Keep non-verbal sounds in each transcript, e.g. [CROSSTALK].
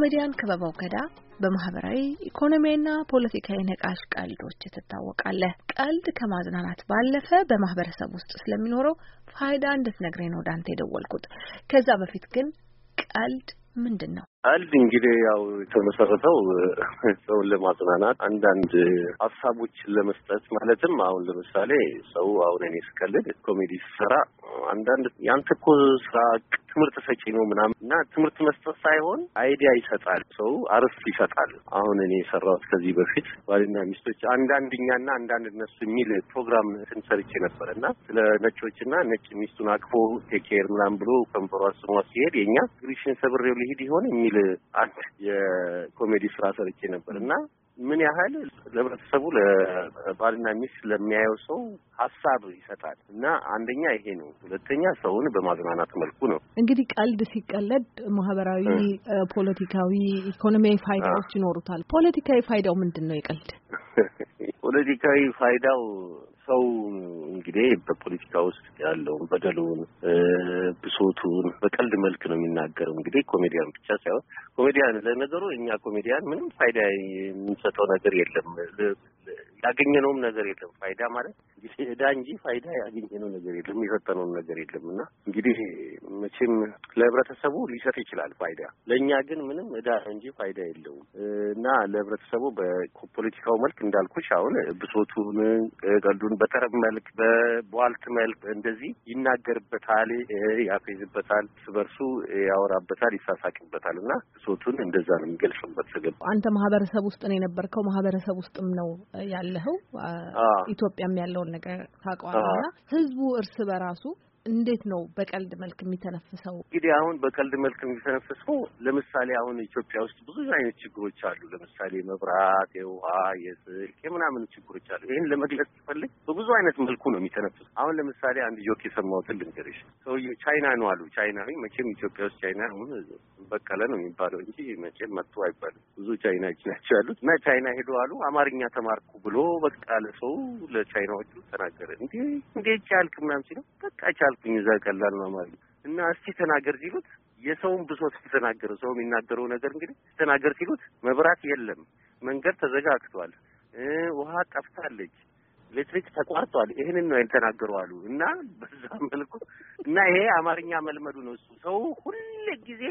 ኮሜዲያን ክበባው ገዳ በማህበራዊ ኢኮኖሚያዊና ፖለቲካዊ ነቃሽ ቀልዶች ትታወቃለህ። ቀልድ ከማዝናናት ባለፈ በማህበረሰብ ውስጥ ስለሚኖረው ፋይዳ እንድትነግረኝ ነው ወዳንተ የደወልኩት። ከዛ በፊት ግን ቀልድ ምንድን ነው? አንድ እንግዲህ ያው የተመሰረተው ሰውን ለማጽናናት አንዳንድ ሀሳቦችን ለመስጠት ማለትም አሁን ለምሳሌ ሰው አሁን እኔ ስቀልድ ኮሜዲ ስሰራ አንዳንድ ያንተ እኮ ስራ ትምህርት ሰጪ ነው ምናምን እና ትምህርት መስጠት ሳይሆን አይዲያ ይሰጣል። ሰው አርስ ይሰጣል። አሁን እኔ የሰራሁት ከዚህ በፊት ባልና ሚስቶች አንዳንድኛና አንዳንድ እነሱ የሚል ፕሮግራም ስንሰርቼ ነበር እና ስለ ነጮችና ነጭ ሚስቱን አቅፎ ቴኬር ምናምን ብሎ ከንፈሯ ስሟ ሲሄድ የኛ ግሪሽን ሰብሬው ሊሄድ ይሆን የሚል አንድ የኮሜዲ ስራ ሰርቼ ነበር እና ምን ያህል ለህብረተሰቡ ለባልና ሚስት ለሚያየው ሰው ሀሳብ ይሰጣል እና አንደኛ ይሄ ነው። ሁለተኛ ሰውን በማዝናናት መልኩ ነው። እንግዲህ ቀልድ ሲቀለድ ማህበራዊ፣ ፖለቲካዊ፣ ኢኮኖሚያዊ ፋይዳዎች ይኖሩታል። ፖለቲካዊ ፋይዳው ምንድን ነው? የቀልድ [LAUGHS] ፖለቲካዊ ፋይዳው ሰው እንግዲህ በፖለቲካ ውስጥ ያለውን በደሉን፣ ብሶቱን በቀልድ መልክ ነው የሚናገረው። እንግዲህ ኮሜዲያን ብቻ ሳይሆን ኮሜዲያን ለነገሩ እኛ ኮሜዲያን ምንም ፋይዳ የምንሰጠው ነገር የለም። ያገኘነውም ነገር የለም። ፋይዳ ማለት እዳ እንጂ ፋይዳ ያገኘነው ነገር የለም፣ የሰጠነውም ነገር የለም። እና እንግዲህ መቼም ለህብረተሰቡ ሊሰጥ ይችላል ፋይዳ፣ ለእኛ ግን ምንም እዳ እንጂ ፋይዳ የለውም። እና ለህብረተሰቡ በፖለቲካው መልክ እንዳልኩሽ አሁን ብሶቱን ቀልዱን በተረብ መልክ በቧልት መልክ እንደዚህ ይናገርበታል፣ ያፌዝበታል፣ ስበርሱ ያወራበታል፣ ይሳሳቅበታል። እና ብሶቱን እንደዛ ነው የሚገልጽበት ስግብ አንተ ማህበረሰብ ውስጥ ነው የነበርከው ማህበረሰብ ውስጥም ነው ያለ ያለኸው ኢትዮጵያም ያለውን ነገር ታውቀዋለህ ህዝቡ እርስ በራሱ እንዴት ነው በቀልድ መልክ የሚተነፍሰው? እንግዲህ አሁን በቀልድ መልክ የሚተነፍሰው ለምሳሌ አሁን ኢትዮጵያ ውስጥ ብዙ አይነት ችግሮች አሉ። ለምሳሌ የመብራት፣ የውሃ፣ የስልክ የምናምን ችግሮች አሉ። ይህን ለመግለጽ ስፈልግ በብዙ አይነት መልኩ ነው የሚተነፍሰው። አሁን ለምሳሌ አንድ ጆክ የሰማሁትን ልንገርሽ። ሰውዬው ቻይና ነው አሉ። ቻይና መቼም ኢትዮጵያ ውስጥ ቻይና አሁን በቀለ ነው የሚባለው እንጂ መቼም መጥቶ አይባልም። ብዙ ቻይናዎች ናቸው ያሉት እና ቻይና ሄዶ አሉ አማርኛ ተማርኩ ብሎ በቃ ለሰው ለቻይናዎቹ ተናገረ። እንዴ እንዴ ቻልክ ምናምን ሲለው በቃ አልኩኝ። እዛ ቀላል ነው ማለት ነው እና እስቲ ተናገር ሲሉት የሰውን ብሶት ተናገረ። ሰው የሚናገረው ነገር እንግዲህ ተናገር ሲሉት መብራት የለም፣ መንገድ ተዘጋግቷል፣ ውሃ ጠፍታለች፣ ኤሌክትሪክ ተቋርጧል። ይህንን ነው ያልተናገሩ አሉ እና በዛ መልኩ እና ይሄ አማርኛ መልመዱ ነው እሱ። ሰው ሁል ጊዜ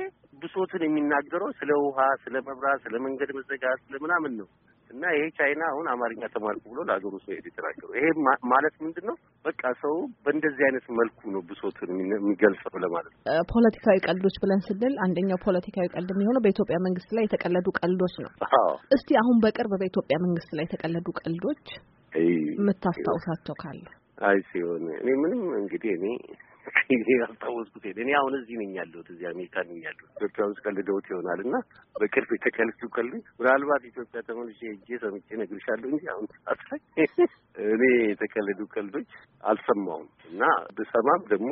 ብሶትን የሚናገረው ስለ ውሃ፣ ስለ መብራት፣ ስለ መንገድ መዘጋት፣ ስለ ምናምን ነው እና ይሄ ቻይና አሁን አማርኛ ተማርኩ ብሎ ለሀገሩ ሰው ሄድ የተናገሩ ይሄ ማለት ምንድን ነው? በቃ ሰው በእንደዚህ አይነት መልኩ ነው ብሶትን የሚገልጸው ለማለት ነው። ፖለቲካዊ ቀልዶች ብለን ስንል አንደኛው ፖለቲካዊ ቀልድ የሚሆነው በኢትዮጵያ መንግስት ላይ የተቀለዱ ቀልዶች ነው። እስቲ አሁን በቅርብ በኢትዮጵያ መንግስት ላይ የተቀለዱ ቀልዶች የምታስታውሳቸው ካለ አይ ሲሆን እኔ ምንም እንግዲህ እኔ ይሄ ያስታወስኩት እኔ አሁን እዚህ ነኝ ያለሁት፣ እዚህ አሜሪካ ነኝ ያለሁት። ኢትዮጵያ ውስጥ ቀልደውት ይሆናል እና በቅርብ የተቀልሱ ቀል ምናልባት ኢትዮጵያ ተመልሼ ሄጄ ሰምቼ እነግርሻለሁ እንጂ አሁን ሰዓት ላይ እኔ የተቀለዱ ቀልዶች አልሰማሁም እና ብሰማም ደግሞ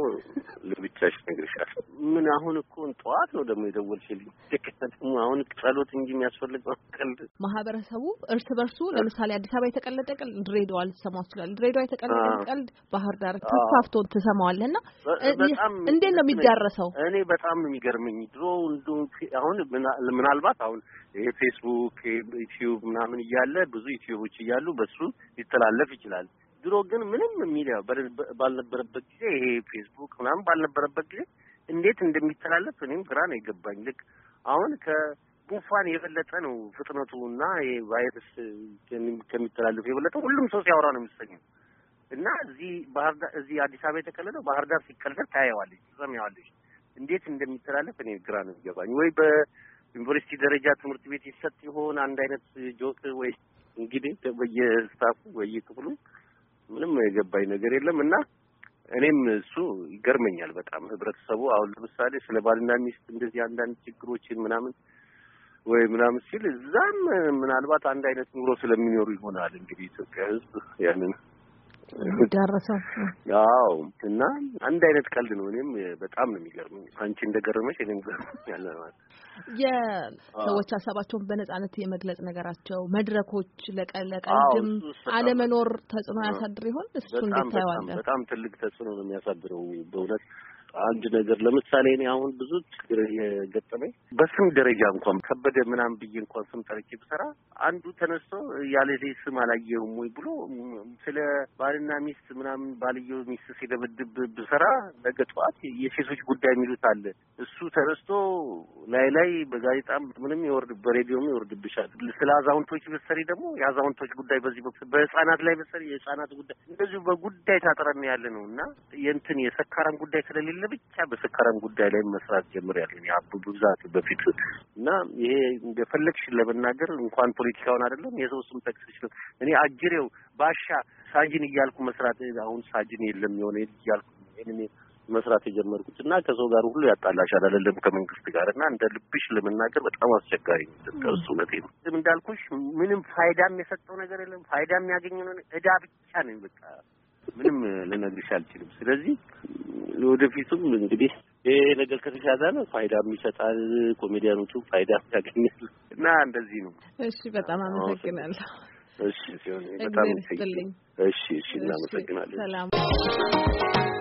ለብቻሽ እነግርሻለሁ። ምን አሁን እኮ ጠዋት ነው ደግሞ የደወልሽልኝ። ደግሞ አሁን ጸሎት እንጂ የሚያስፈልገው ቀልድ። ማህበረሰቡ እርስ በርሱ ለምሳሌ አዲስ አበባ የተቀለጠ ቀልድ ድሬዳዋ ልትሰማ ትችላለህ። ድሬዳዋ የተቀለጠ ቀልድ ባህር ዳር ተስፋፍቶ ትሰማዋለህ። እና እንዴት ነው የሚዳረሰው? እኔ በጣም የሚገርመኝ። ድሮ አሁን ምናልባት አሁን ይሄ ፌስቡክ ዩቲዩብ ምናምን እያለ ብዙ ዩቲዩቦች እያሉ በሱ ሊተላለፍ ይችላል። ድሮ ግን ምንም የሚዲያ ባልነበረበት ጊዜ ይሄ ፌስቡክ ምናምን ባልነበረበት ጊዜ እንዴት እንደሚተላለፍ እኔም ግራ ነው የገባኝ። ልክ አሁን ከጉንፋን የበለጠ ነው ፍጥነቱ እና ቫይረስ ከሚተላለፉ የበለጠ ሁሉም ሰው ሲያወራ ነው የሚሰኘው እና እዚህ ባህር ዳር እዚህ አዲስ አበባ የተቀለደው ባህር ዳር ሲቀለድ ታየዋለች፣ ትሰሚያዋለች። እንዴት እንደሚተላለፍ እኔ ግራ ነው የሚገባኝ። ወይ በዩኒቨርሲቲ ደረጃ ትምህርት ቤት ይሰጥ ይሆን አንድ አይነት ጆክ ወይ እንግዲህ በየስታፉ በየክፍሉ ምንም የገባኝ ነገር የለም እና እኔም እሱ ይገርመኛል በጣም ህብረተሰቡ አሁን ለምሳሌ ስለ ባልና ሚስት እንደዚህ አንዳንድ ችግሮችን ምናምን ወይ ምናምን ሲል እዛም ምናልባት አንድ አይነት ኑሮ ስለሚኖሩ ይሆናል እንግዲህ ኢትዮጵያ ህዝብ ያንን አዎ እና አንድ አይነት ቀልድ ነው። እኔም በጣም ነው የሚገርመኝ። አንቺ እንደገረመሽ እኔም ያለ ማለት የሰዎች ሀሳባቸውን በነጻነት የመግለጽ ነገራቸው መድረኮች ለቀለቀልድም አለመኖር ተጽዕኖ ያሳድር ይሆን? እሱ እንዴት በጣም ትልቅ ተጽዕኖ ነው የሚያሳድረው በእውነት አንድ ነገር ለምሳሌ እኔ አሁን ብዙ ችግር የገጠመኝ በስም ደረጃ እንኳን ከበደ ምናምን ብዬ እንኳን ስም ጠርቼ ብሰራ አንዱ ተነስቶ ያለ ስም አላየሁም ወይ ብሎ ስለ ባልና ሚስት ምናምን ባልየው ሚስት ሲደበድብ ብሰራ ነገ ጠዋት የሴቶች ጉዳይ የሚሉት አለ። እሱ ተነስቶ ላይ ላይ በጋዜጣም ምንም ይወርድ በሬዲዮም ይወርድብሻል። ስለ አዛውንቶች ብትሰሪ ደግሞ የአዛውንቶች ጉዳይ በዚህ በኩል በህጻናት ላይ ብትሰሪ የህጻናት ጉዳይ እንደዚሁ በጉዳይ ታጠረን ያለ ነው እና የእንትን የሰካራም ጉዳይ ስለሌለ የግል ብቻ በስከረም ጉዳይ ላይ መስራት ጀምር ያለ ብዛት በፊት እና ይሄ እንደፈለግሽ ለመናገር እንኳን ፖለቲካውን አይደለም የሰው ስም ጠቅስሽ እኔ አጅሬው ባሻ ሳጅን እያልኩ መስራት አሁን ሳጅን የለም የሆነ እያልኩ መስራት የጀመርኩት እና ከሰው ጋር ሁሉ ያጣላሻል አይደለም ከመንግስት ጋር እና እንደ ልብሽ ለመናገር በጣም አስቸጋሪ ከሱ እውነቴ ነው። ዝም እንዳልኩሽ ምንም ፋይዳ የሰጠው ነገር የለም። ፋይዳ የሚያገኘ ነው። እዳ ብቻ ነኝ በቃ ምንም ልነግርሽ አልችልም። ስለዚህ ወደፊቱም እንግዲህ ይሄ ነገር ከተሻሻለ ፋይዳም ይሰጣል፣ ኮሜዲያኖቹም ፋይዳ ያገኛሉ እና እንደዚህ ነው። እሺ፣ በጣም አመሰግናለሁ። እሺ፣ ሲሆን በጣም እሺ፣ እሺ፣ እናመሰግናለን። ሰላም